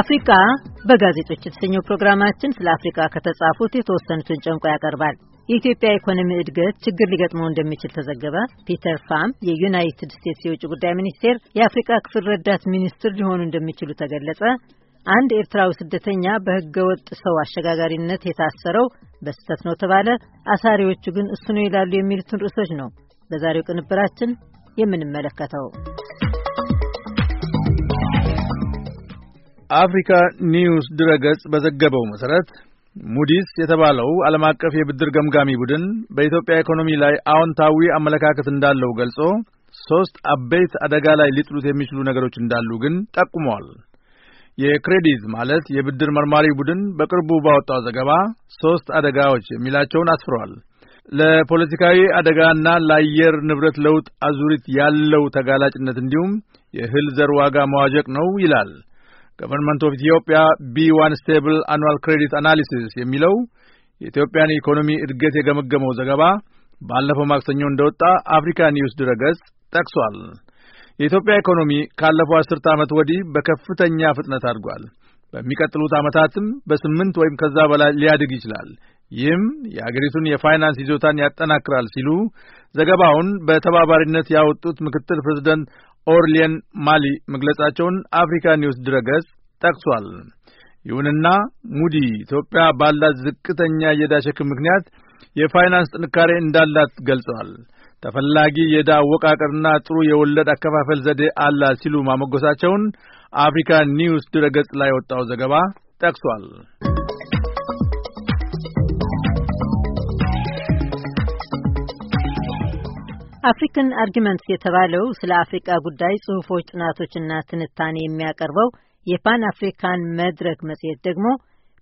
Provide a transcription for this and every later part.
አፍሪካ በጋዜጦች የተሰኘው ፕሮግራማችን ስለ አፍሪካ ከተጻፉት የተወሰኑትን ጨምቆ ያቀርባል። የኢትዮጵያ ኢኮኖሚ እድገት ችግር ሊገጥመው እንደሚችል ተዘገበ። ፒተር ፋም የዩናይትድ ስቴትስ የውጭ ጉዳይ ሚኒስቴር የአፍሪካ ክፍል ረዳት ሚኒስትር ሊሆኑ እንደሚችሉ ተገለጸ። አንድ ኤርትራዊ ስደተኛ በሕገ ወጥ ሰው አሸጋጋሪነት የታሰረው በስህተት ነው ተባለ። አሳሪዎቹ ግን እሱ ነው ይላሉ። የሚሉትን ርዕሶች ነው በዛሬው ቅንብራችን የምንመለከተው። አፍሪካ ኒውስ ድረገጽ በዘገበው መሠረት ሙዲስ የተባለው ዓለም አቀፍ የብድር ገምጋሚ ቡድን በኢትዮጵያ ኢኮኖሚ ላይ አዎንታዊ አመለካከት እንዳለው ገልጾ ሦስት አበይት አደጋ ላይ ሊጥሉት የሚችሉ ነገሮች እንዳሉ ግን ጠቁመዋል። የክሬዲት ማለት የብድር መርማሪ ቡድን በቅርቡ ባወጣው ዘገባ ሦስት አደጋዎች የሚላቸውን አስፍሯል። ለፖለቲካዊ አደጋና ለአየር ንብረት ለውጥ አዙሪት ያለው ተጋላጭነት እንዲሁም የእህል ዘር ዋጋ መዋዠቅ ነው ይላል። ገቨርንመንት ኦፍ ኢትዮጵያ ቢ ዋን ስቴብል አኑዋል ክሬዲት አናሊሲስ የሚለው የኢትዮጵያን ኢኮኖሚ እድገት የገመገመው ዘገባ ባለፈው ማክሰኞ እንደወጣ አፍሪካ ኒውስ ድረገጽ ጠቅሷል። የኢትዮጵያ ኢኮኖሚ ካለፈው አስርተ ዓመት ወዲህ በከፍተኛ ፍጥነት አድጓል። በሚቀጥሉት ዓመታትም በስምንት ወይም ከዛ በላይ ሊያድግ ይችላል። ይህም የአገሪቱን የፋይናንስ ይዞታን ያጠናክራል ሲሉ ዘገባውን በተባባሪነት ያወጡት ምክትል ፕሬዚደንት ኦርሊየን ማሊ መግለጻቸውን አፍሪካ ኒውስ ድረገጽ ጠቅሷል። ይሁንና ሙዲ ኢትዮጵያ ባላት ዝቅተኛ የዕዳ ሸክም ምክንያት የፋይናንስ ጥንካሬ እንዳላት ገልጸዋል። ተፈላጊ የዕዳ አወቃቀርና ጥሩ የወለድ አከፋፈል ዘዴ አላት ሲሉ ማሞገሳቸውን አፍሪካ ኒውስ ድረገጽ ላይ ወጣው ዘገባ ጠቅሷል። አፍሪካን አርጊመንትስ የተባለው ስለ አፍሪካ ጉዳይ ጽሁፎች ጥናቶችና ትንታኔ የሚያቀርበው የፓን አፍሪካን መድረክ መጽሔት ደግሞ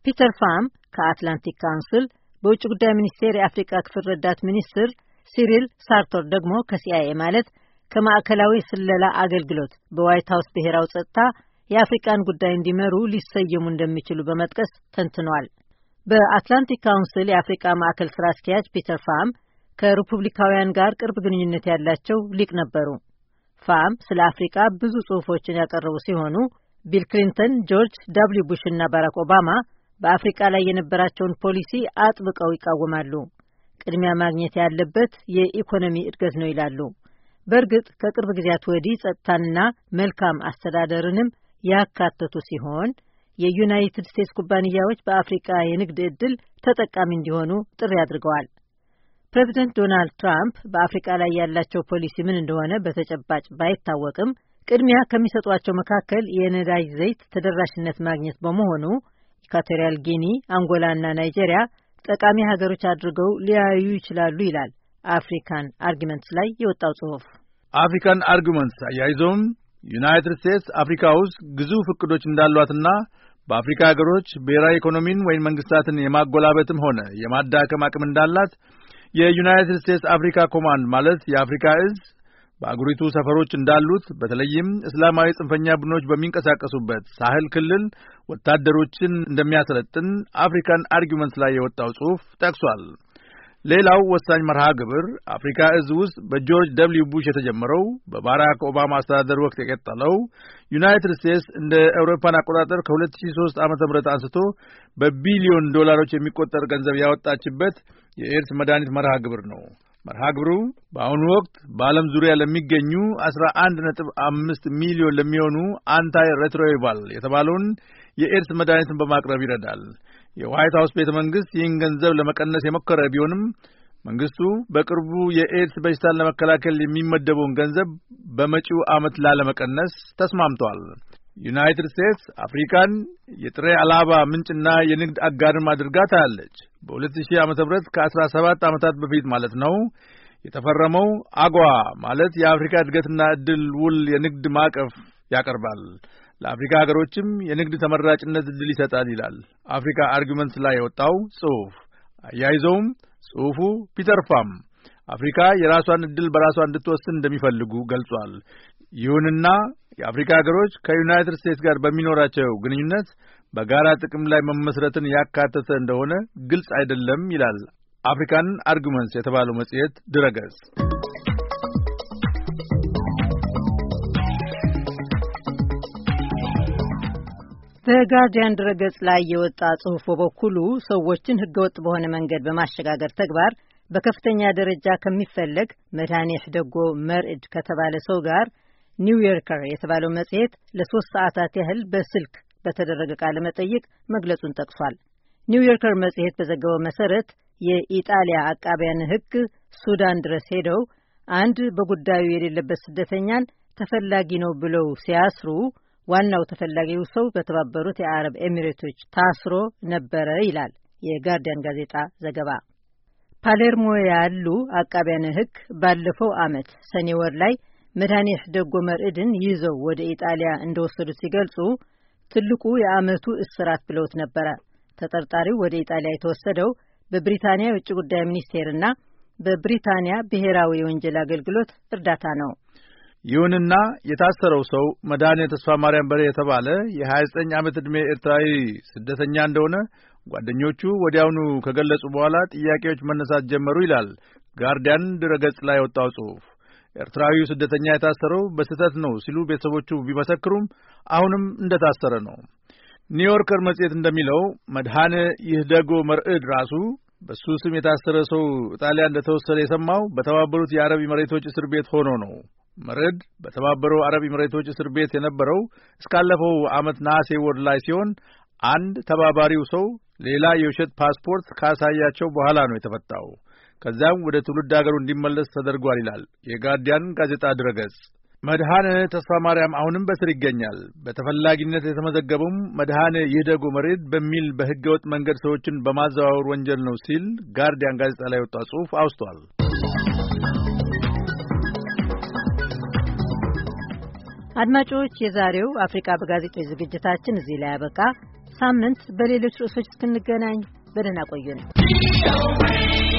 ፒተር ፋም ከአትላንቲክ ካውንስል፣ በውጭ ጉዳይ ሚኒስቴር የአፍሪካ ክፍል ረዳት ሚኒስትር ሲሪል ሳርቶር ደግሞ ከሲአይኤ ማለት ከማዕከላዊ ስለላ አገልግሎት በዋይት ሀውስ ብሔራዊ ጸጥታ የአፍሪካን ጉዳይ እንዲመሩ ሊሰየሙ እንደሚችሉ በመጥቀስ ተንትኗል። በአትላንቲክ ካውንስል የአፍሪቃ ማዕከል ስራ አስኪያጅ ፒተር ፋም ከሪፑብሊካውያን ጋር ቅርብ ግንኙነት ያላቸው ሊቅ ነበሩ። ፋም ስለ አፍሪቃ ብዙ ጽሑፎችን ያቀረቡ ሲሆኑ ቢል ክሊንተን፣ ጆርጅ ዳብሊው ቡሽ እና ባራክ ኦባማ በአፍሪቃ ላይ የነበራቸውን ፖሊሲ አጥብቀው ይቃወማሉ። ቅድሚያ ማግኘት ያለበት የኢኮኖሚ እድገት ነው ይላሉ። በእርግጥ ከቅርብ ጊዜያት ወዲህ ጸጥታንና መልካም አስተዳደርንም ያካተቱ ሲሆን የዩናይትድ ስቴትስ ኩባንያዎች በአፍሪቃ የንግድ ዕድል ተጠቃሚ እንዲሆኑ ጥሪ አድርገዋል። ፕሬዚደንት ዶናልድ ትራምፕ በአፍሪቃ ላይ ያላቸው ፖሊሲ ምን እንደሆነ በተጨባጭ ባይታወቅም ቅድሚያ ከሚሰጧቸው መካከል የነዳጅ ዘይት ተደራሽነት ማግኘት በመሆኑ ኢኳቶሪያል ጊኒ፣ አንጎላና ናይጄሪያ ጠቃሚ ሀገሮች አድርገው ሊያዩ ይችላሉ ይላል አፍሪካን አርጊመንትስ ላይ የወጣው ጽሑፍ። አፍሪካን አርጊመንትስ አያይዞም ዩናይትድ ስቴትስ አፍሪካ ውስጥ ግዙፍ እቅዶች እንዳሏትና በአፍሪካ ሀገሮች ብሔራዊ ኢኮኖሚን ወይም መንግስታትን የማጎላበትም ሆነ የማዳከም አቅም እንዳላት የዩናይትድ ስቴትስ አፍሪካ ኮማንድ ማለት የአፍሪካ እዝ በአገሪቱ ሰፈሮች እንዳሉት በተለይም እስላማዊ ጽንፈኛ ቡድኖች በሚንቀሳቀሱበት ሳህል ክልል ወታደሮችን እንደሚያሰለጥን አፍሪካን አርጊመንትስ ላይ የወጣው ጽሑፍ ጠቅሷል። ሌላው ወሳኝ መርሃ ግብር አፍሪካ እዝ ውስጥ በጆርጅ ደብሊው ቡሽ የተጀመረው በባራክ ኦባማ አስተዳደር ወቅት የቀጠለው ዩናይትድ ስቴትስ እንደ አውሮፓን አቆጣጠር ከ2003 ም አንስቶ በቢሊዮን ዶላሮች የሚቆጠር ገንዘብ ያወጣችበት የኤድስ መድኃኒት መርሃ ግብር ነው። መርሃ ግብሩ በአሁኑ ወቅት በዓለም ዙሪያ ለሚገኙ አስራ አንድ ነጥብ አምስት ሚሊዮን ለሚሆኑ አንታይ ሬትሮቫል የተባለውን የኤድስ መድኃኒትን በማቅረብ ይረዳል። የዋይት ሀውስ ቤተ መንግስት ይህን ገንዘብ ለመቀነስ የሞከረ ቢሆንም መንግስቱ በቅርቡ የኤድስ በሽታን ለመከላከል የሚመደበውን ገንዘብ በመጪው ዓመት ላለመቀነስ ተስማምቷል። ዩናይትድ ስቴትስ አፍሪካን የጥሬ አላባ ምንጭና የንግድ አጋርም አድርጋ ታያለች። በ2000 ዓ ም ከ17 ዓመታት በፊት ማለት ነው የተፈረመው አጓ ማለት የአፍሪካ እድገትና እድል ውል የንግድ ማዕቀፍ ያቀርባል፣ ለአፍሪካ ሀገሮችም የንግድ ተመራጭነት እድል ይሰጣል ይላል አፍሪካ አርጊመንትስ ላይ የወጣው ጽሑፍ። አያይዘውም ጽሑፉ ፒተርፋም አፍሪካ የራሷን እድል በራሷ እንድትወስን እንደሚፈልጉ ገልጿል። ይሁንና የአፍሪካ ሀገሮች ከዩናይትድ ስቴትስ ጋር በሚኖራቸው ግንኙነት በጋራ ጥቅም ላይ መመስረትን ያካተተ እንደሆነ ግልጽ አይደለም ይላል አፍሪካን አርጉመንትስ የተባለው መጽሔት ድረገጽ። በጋርዲያን ድረገጽ ላይ የወጣ ጽሑፍ በበኩሉ ሰዎችን ህገወጥ በሆነ መንገድ በማሸጋገር ተግባር በከፍተኛ ደረጃ ከሚፈለግ መድኃኒት ደጎ መርዕድ ከተባለ ሰው ጋር ኒውዮርከር የተባለው መጽሔት ለሶስት ሰዓታት ያህል በስልክ በተደረገ ቃለ መጠይቅ መግለጹን ጠቅሷል። ኒውዮርከር መጽሔት በዘገበው መሰረት የኢጣሊያ አቃቢያን ሕግ ሱዳን ድረስ ሄደው አንድ በጉዳዩ የሌለበት ስደተኛን ተፈላጊ ነው ብለው ሲያስሩ ዋናው ተፈላጊው ሰው በተባበሩት የአረብ ኤሚሬቶች ታስሮ ነበረ ይላል የጋርዲያን ጋዜጣ ዘገባ። ፓሌርሞ ያሉ አቃቢያን ሕግ ባለፈው ዓመት ሰኔ ወር ላይ መድኃኒት ደጎ መርዕድን ይዘው ወደ ኢጣሊያ እንደወሰዱት ሲገልጹ ትልቁ የዓመቱ እስራት ብለውት ነበረ። ተጠርጣሪው ወደ ኢጣሊያ የተወሰደው በብሪታንያ የውጭ ጉዳይ ሚኒስቴርና በብሪታንያ ብሔራዊ የወንጀል አገልግሎት እርዳታ ነው። ይሁንና የታሰረው ሰው መድኃኔ ተስፋ ማርያም በሬ የተባለ የ29 ዓመት ዕድሜ ኤርትራዊ ስደተኛ እንደሆነ ጓደኞቹ ወዲያውኑ ከገለጹ በኋላ ጥያቄዎች መነሳት ጀመሩ ይላል ጋርዲያን ድረገጽ ላይ የወጣው ጽሑፍ። ኤርትራዊው ስደተኛ የታሰረው በስህተት ነው ሲሉ ቤተሰቦቹ ቢመሰክሩም አሁንም እንደ ታሰረ ነው። ኒውዮርከር መጽሔት እንደሚለው መድሃነ ይህ ደጎ መርዕድ ራሱ በሱ ስም የታሰረ ሰው ጣሊያን እንደተወሰደ የሰማው በተባበሩት የአረብ መሬቶች እስር ቤት ሆኖ ነው። መርዕድ በተባበረው አረብ ኤምሬቶች እስር ቤት የነበረው እስካለፈው ዓመት ነሐሴ ወር ላይ ሲሆን አንድ ተባባሪው ሰው ሌላ የውሸት ፓስፖርት ካሳያቸው በኋላ ነው የተፈታው። ከዚያም ወደ ትውልድ አገሩ እንዲመለስ ተደርጓል ይላል የጋርዲያን ጋዜጣ ድረገጽ። መድኃኔ ተስፋ ማርያም አሁንም በስር ይገኛል። በተፈላጊነት የተመዘገበውም መድሃነ ይህ ደጎ መሬት በሚል በሕገ ወጥ መንገድ ሰዎችን በማዘዋወር ወንጀል ነው ሲል ጋርዲያን ጋዜጣ ላይ ወጣ ጽሑፍ አውስቷል። አድማጮች፣ የዛሬው አፍሪካ በጋዜጦች ዝግጅታችን እዚህ ላይ ያበቃ። ሳምንት በሌሎች ርዕሶች እስክንገናኝ በደህና ነው።